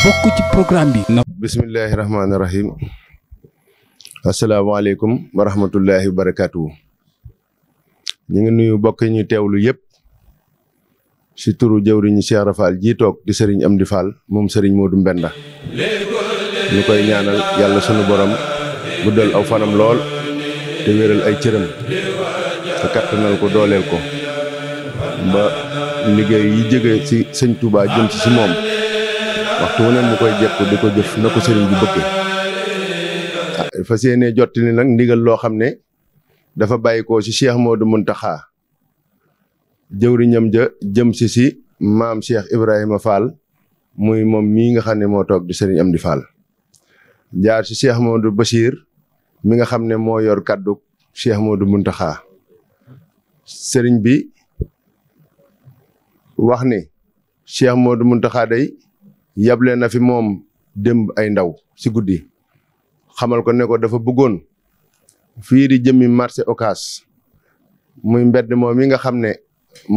bokk ci programme bi. bismillahi rahmaani rahim asalaamaaleykum wa barakaatu. ñu ngi nuyu bokk ñu teewlu yépp si turu jëwriñu Cheikh Rafal ji toog di sëriñ Amdi Fall moom sëriñ Modou Mbenda. ñu koy ñaanal yàlla sunu borom guddal aw fanam lool te wéral ay cëram te kattanal ko dooleel ko ba liggéey yi jóge ci sëñ Touba jëm ci si moom. waxtu wu ne mu koy jekku di ko jëf na ko sëriñ bi bëggee ah. ah fas yéene nag ndigal loo xam ne dafa bàyyikoo bàyyi ko ci Cheikh Modou Mountakha jëwriñam ja jëm si si maam Cheikh Ibrahima Fall muy moom mii nga xam ne moo toog di sëriñ Amdi Fall jaar ci Cheikh Modou Bachir mi nga xam ne moo yor kàddu Cheikh Modou Mountakha sëriñ bi wax ni Cheikh Modou Mountakha day yable na fi moom dem ay ndaw si guddi xamal ko ne ko dafa bëggoon fii di jëmi marché Ocass muy mbedd moom yi nga xam ne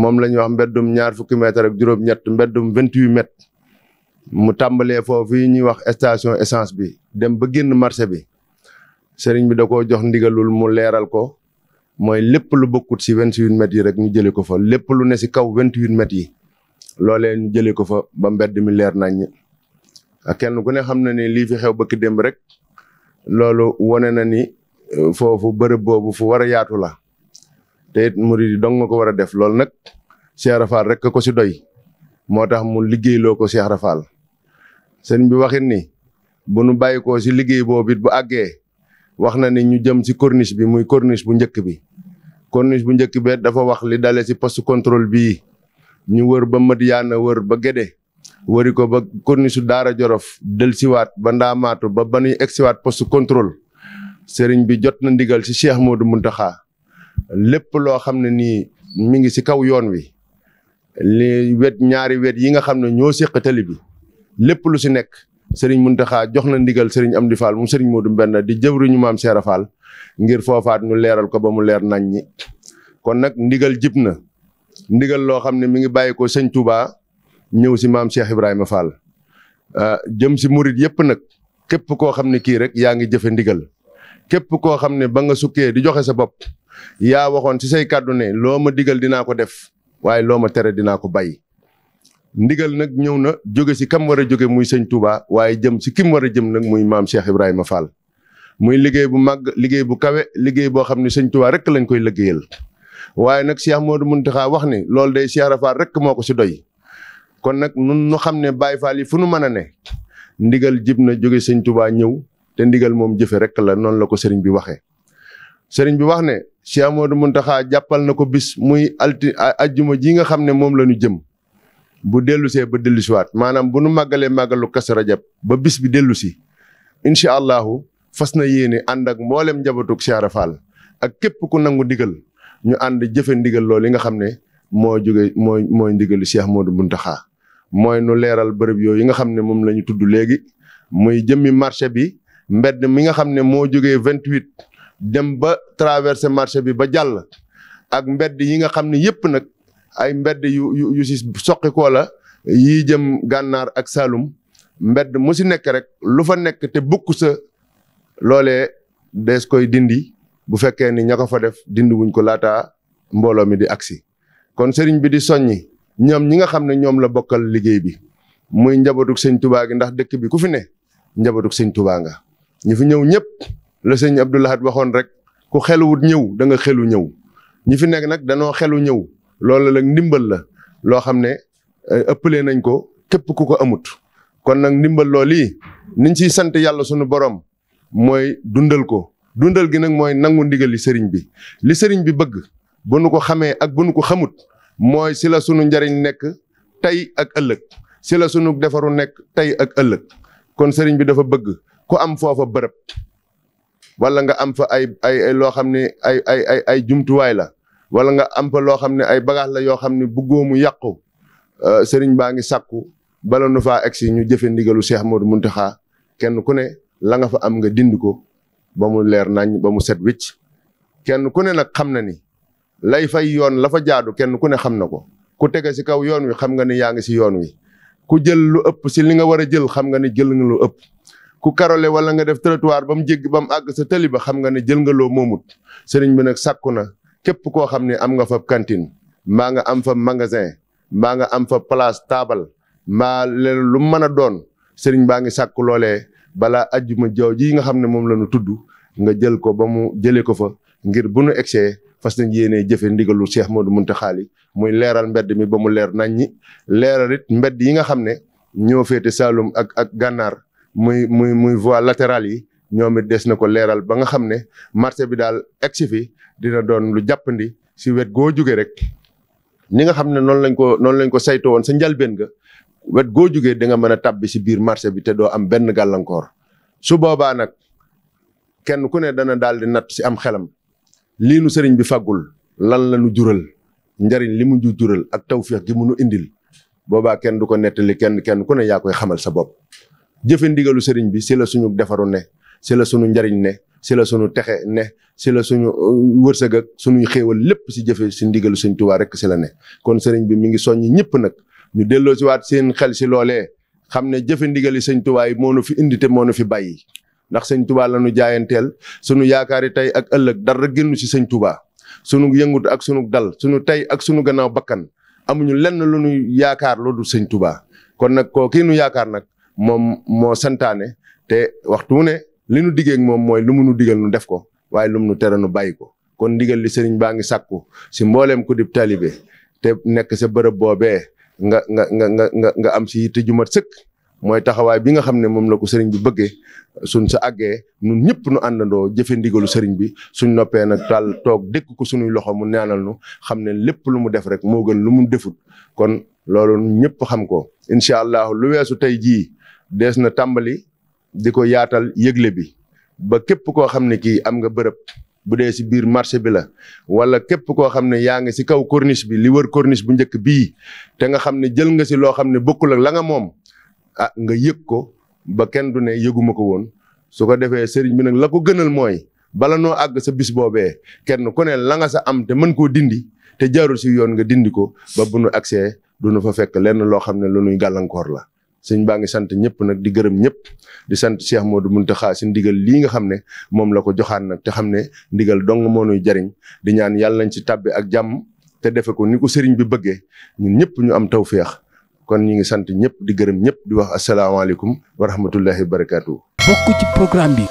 moom la ñuy wax mbeddum ñaar fukki mètre ak juróom-ñett mbeddum vingt-huit mètres mu tàmbalee foofu yi ñuy wax station essence bi dem ba génn marché bi sëriñ bi da koo jox ndigalul mu leeral ko mooy lépp lu bokkut si vingt-huit mètres yi rek ñu jëlee ko fa lépp lu ne si kaw vingt-huit mètres yi loolee ñu jëlee ko fa ba mbedd mi leer naññ kenn ku ne xam na ni lii fi xew bëkk démb rek loolu wane na ni euh, foofu bërëb boobu fu war a yaatu la te it murid yi dong ko war a def loolu nag Cheikh Rafal rek ko si doy moo tax mu liggéeyloo ko Cheikh Rafal sëñ bi waxin ni bu nu bàyyi ko si liggéey boobu it bu àggee wax na ni ñu jëm si corniche bi muy corniche bu njëkk bi corniche bu njëkk bi dafa wax li dale si poste contrôle bii ñu wër ba Madiyaana wër ba Gédé wëri ko ba corniche Daara jorof del ba Ndaamaatu ba ba nuy egsiwaat poste contrôle sëriñ bi jot na ndigal si ci Cheikh Modou Muntaxa lépp loo xam ne nii mi ngi si kaw yoon wi li wet ñaari wet yi nga xam ne ñoo séq tali bi lépp lu ci nekk sëriñ Muntaxa jox na ndigal sëriñ Amdi Fall mu sëriñ Modou Mbenn di jëwriñu maam Seera Fall ngir foofaat ñu leeral ko ba mu leer nañ ñi kon nag ndigal jib na ndigal loo xam ne mi ngi bàyyi ko sëñ Touba ñëw si maam Cheikh Ibrahima Fall euh, jëm si murit yëpp nag képp koo xam ne kii rek yaa ngi jëfe képp koo xam ne ba nga sukkee di joxe sa bopp yaa waxoon si say kàddu ne loo ma digal dinaa ko def waaye loo ma tere dinaa ko bay ndigal nag ñëw na jóge si kam war a jóge muy sëñ Touba waaye jëm si kim war a jëm nag muy maam Cheikh Ibrahima Fall muy liggéey bu màgg liggéey bu kawe liggéey boo xam ne sëñ Touba rek lañ koy liggéeyal waaye nag Cheikh mun taxaa wax ni loolu day Cheikh Rafaal rek moo ko si doy kon nag nun nu xam ne Baye Fall yi fu nu mën a ne ndigal jib na jóge sëñ Touba ñëw te ndigal moom jëfe rek la noonu la ko sëriñ bi waxee. sëriñ bi wax ne Cheikh Modou Mountakha jàppal na ko bis muy alti ajjuma ji nga xam ne moom la ñu jëm bu dellusee ba dellusiwaat maanaam bu nu màggalee màggalu Kazu Rajab ba bis bi dellusi incha allahu fas na yéene ànd ak mboolem njabootug Cheikh Rafaal ak képp ku nangu ndigal ñu ànd jëfe ndigal loolu yi nga xam ne moo jóge moo mooy ndigalu Cheikh Modou Mountakha mooy nu leeral bërëb yooyu yi nga xam ne moom la ñu tudd léegi muy jëmmi marché bi mbedd mi nga xam ne moo jógee vingt huit dem ba traversé marché bi ba jàll ak mbedd yi nga xam ne yëpp nag ay mbedd yu yu yu si soqikoo la jëm gànnaar ak Saalum mbedd mu si nekk rek lu fa nekk te bukk sa loolee dees koy dindi bu fekkee ni ña ko fa def dindi wuñ ko laata mbooloo mi di agsi kon sëriñ bi di soññi ñam ñi nga xam ne ñoom la bokkal liggéey bi muy njabootug sëñ tubaa gi ndax dëkk bi ku fi ne njabootug sëñ tubaa nga ñi fi ñëw ñëpp la sëñ Abdou Lahad waxoon rek ku xeluwut ñëw da nga xelu ñëw ñi fi nekk nag danoo xelu ñëw loolu nag ndimbal la loo xam ne eh, ëpple nañ ko képp ku ko amut kon nag ndimbal loolu yi niñ ciy sant yàlla sunu borom mooy dundal ko dundal gi nag mooy nangu ndigal li sëriñ bi li sëriñ bi bëgg bu nu ko xamee ak bu nu ko xamut mooy si la sunu njariñ nekk tey ak ëllëg si la sunu defaru nekk tey ak ëllëg kon sëriñ bi dafa bëgg ku am foofa bërëb wala nga am fa ay loo xam ne ay ay ay ay jumtuwaay la wala nga am fa loo xam ne ay bagaas la yoo xam ne bëggoo mu yàqu euh, sëriñ baa ngi sàkku bala nu faa egsi ñu jëfe ndigalu Cheikh Modou Mountakha kenn ku ne la nga fa am nga dind ko ba mu leer nañ ba mu set wicc kenn ku ne nag xam na ni lay fay yoon la fa jaadu kenn ku ne xam na ko ku tege si kaw yoon wi xam nga ni yaa ngi si yoon wi ku jël lu ëpp si li nga war a jël xam nga ni jël nga lu ëpp ku karole wala nga def trottoir ba mu jéggi ba mu àgg sa tëli ba xam nga ne jël nga loo moomut sëriñ bi nag sàkku na képp koo xam ne am nga fa cantine mbaa nga am fa magasin mbaa nga am fa place taabal mbaa leen lu mën a doon sëriñ baa ngi sàkku balaa ajjuma jaww ji nga xam ne moom la ñu tudd nga jël ko ba mu jëlee ko fa ngir bu nu egsee fas nañ yéenee jëfe ndigalu Cheikh Modou Mountakha xaali muy leeral mbedd mi ba mu leer nañ ñi leeral it mbedd yi nga xam ne ñoo féete Saalum ak ak gànnaar muy muy muy voie latérale yi ñoom des na ko leeral ba nga xam ne marché bi daal egsi fi dina doon lu jàppandi si wet goo jóge rek ni nga xam ne noonu lañ ko noonu lañ ko saytoo woon sa njalbeen ga wet goo jugee da nga mën a tàbbi si biir marché bi te doo am benn gàllankoor su boobaa nag kenn ku ne dana daal di natt si am xelam lii nu sëriñ bi faggul lan la nu jural njariñ li mu ju jural ak tawféex gi mu nu indil boobaa kenn du ko nettali kenn kenn ku ne yaa koy xamal sa bopp. jëfe ndigalu sëriñ bi si la suñu defaru ne si la suñu njariñ ne si la suñu texe ne si la suñu uh, wërsëg ak suñuy xéewal lépp si jëfe si ndigalu sëñ Tuubaa rek si la ne kon sëriñ bi mi ngi soññ ñëpp nag. ñu delloo si waat seen xel si loolee xam ne jëfe ndigali sëñ tubaa moo nu fi indi te moo nu fi bàyyi ndax sëñ tubaa la ñu jaayanteel yaakaar yaakaari tey ak ëllëg dara génnu si sëñ tubaa sunu yëngut ak sunu dal sunu tey ak sunu ganaaw bakkan amuñu lenn lu nu yaakaar loolu du sëñ tubaa kon nag koo kii yaakaar nag moom moo santaane te waxtu wu ne li nu diggee moom mooy lu mu nu digal nu def ko waaye lu mu nu tere nu bàyyi ko kon ndigal li sëriñ baa ngi sàkku si mbooleem ku dib taalibe te nekk sa bërëb boobee nga nga nga nga nga am ci yitte ju sëkk mooy taxawaay bi nga xam ne moom la ko sëriñ bi bëggee suñ sa àggee ñun ñëpp nu àndandoo jëfe ndigalu sëriñ bi suñ noppee nag taal toog dëkk ko suñuy loxo mu ñaanal nu xam ne lépp lu mu def rek moo gën lu mu defut kon loolu ñëpp xam ko incha allah lu weesu tey jii dees na tàmbali di ko yaatal yëgle bi ba képp koo xam ne kii am nga bërëb bu dee si biir marché bi la wala képp koo xam ne yaa ngi si kaw corniche bi li wër corniche bu njëkk bii te nga xam ne jël nga si loo xam ne bokkul ak la nga moom ah nga yëg ko ba kenn du ne yëguma ko woon su ko defee sëriñ bi nag la ko gënal mooy bala noo àgg sa bis boobee kenn ku ne la nga sa am te mën koo dindi te jaarul si yoon nga dindi ko ba bu nu agsee du nu fa fekk lenn loo xam ne lu nuy gàllankoor la sëñ baa ngi sant ñëpp nag di gërëm ñëpp di sant mun Modou Mountakha si ndigal lii nga xam ne moom la ko joxaan nag te xam ne ndigal dong moo nuy jariñ di ñaan yàlla nañ si tàbbi ak jàmm te defe ko ni ko sëriñ bi bëggee ñun ñëpp ñu am taw feex kon ñu ngi sant ñëpp di gërëm ñëpp di wax asalaamaaleykum wa rahmatullahi wa barakaatu. bokk ci programme bi.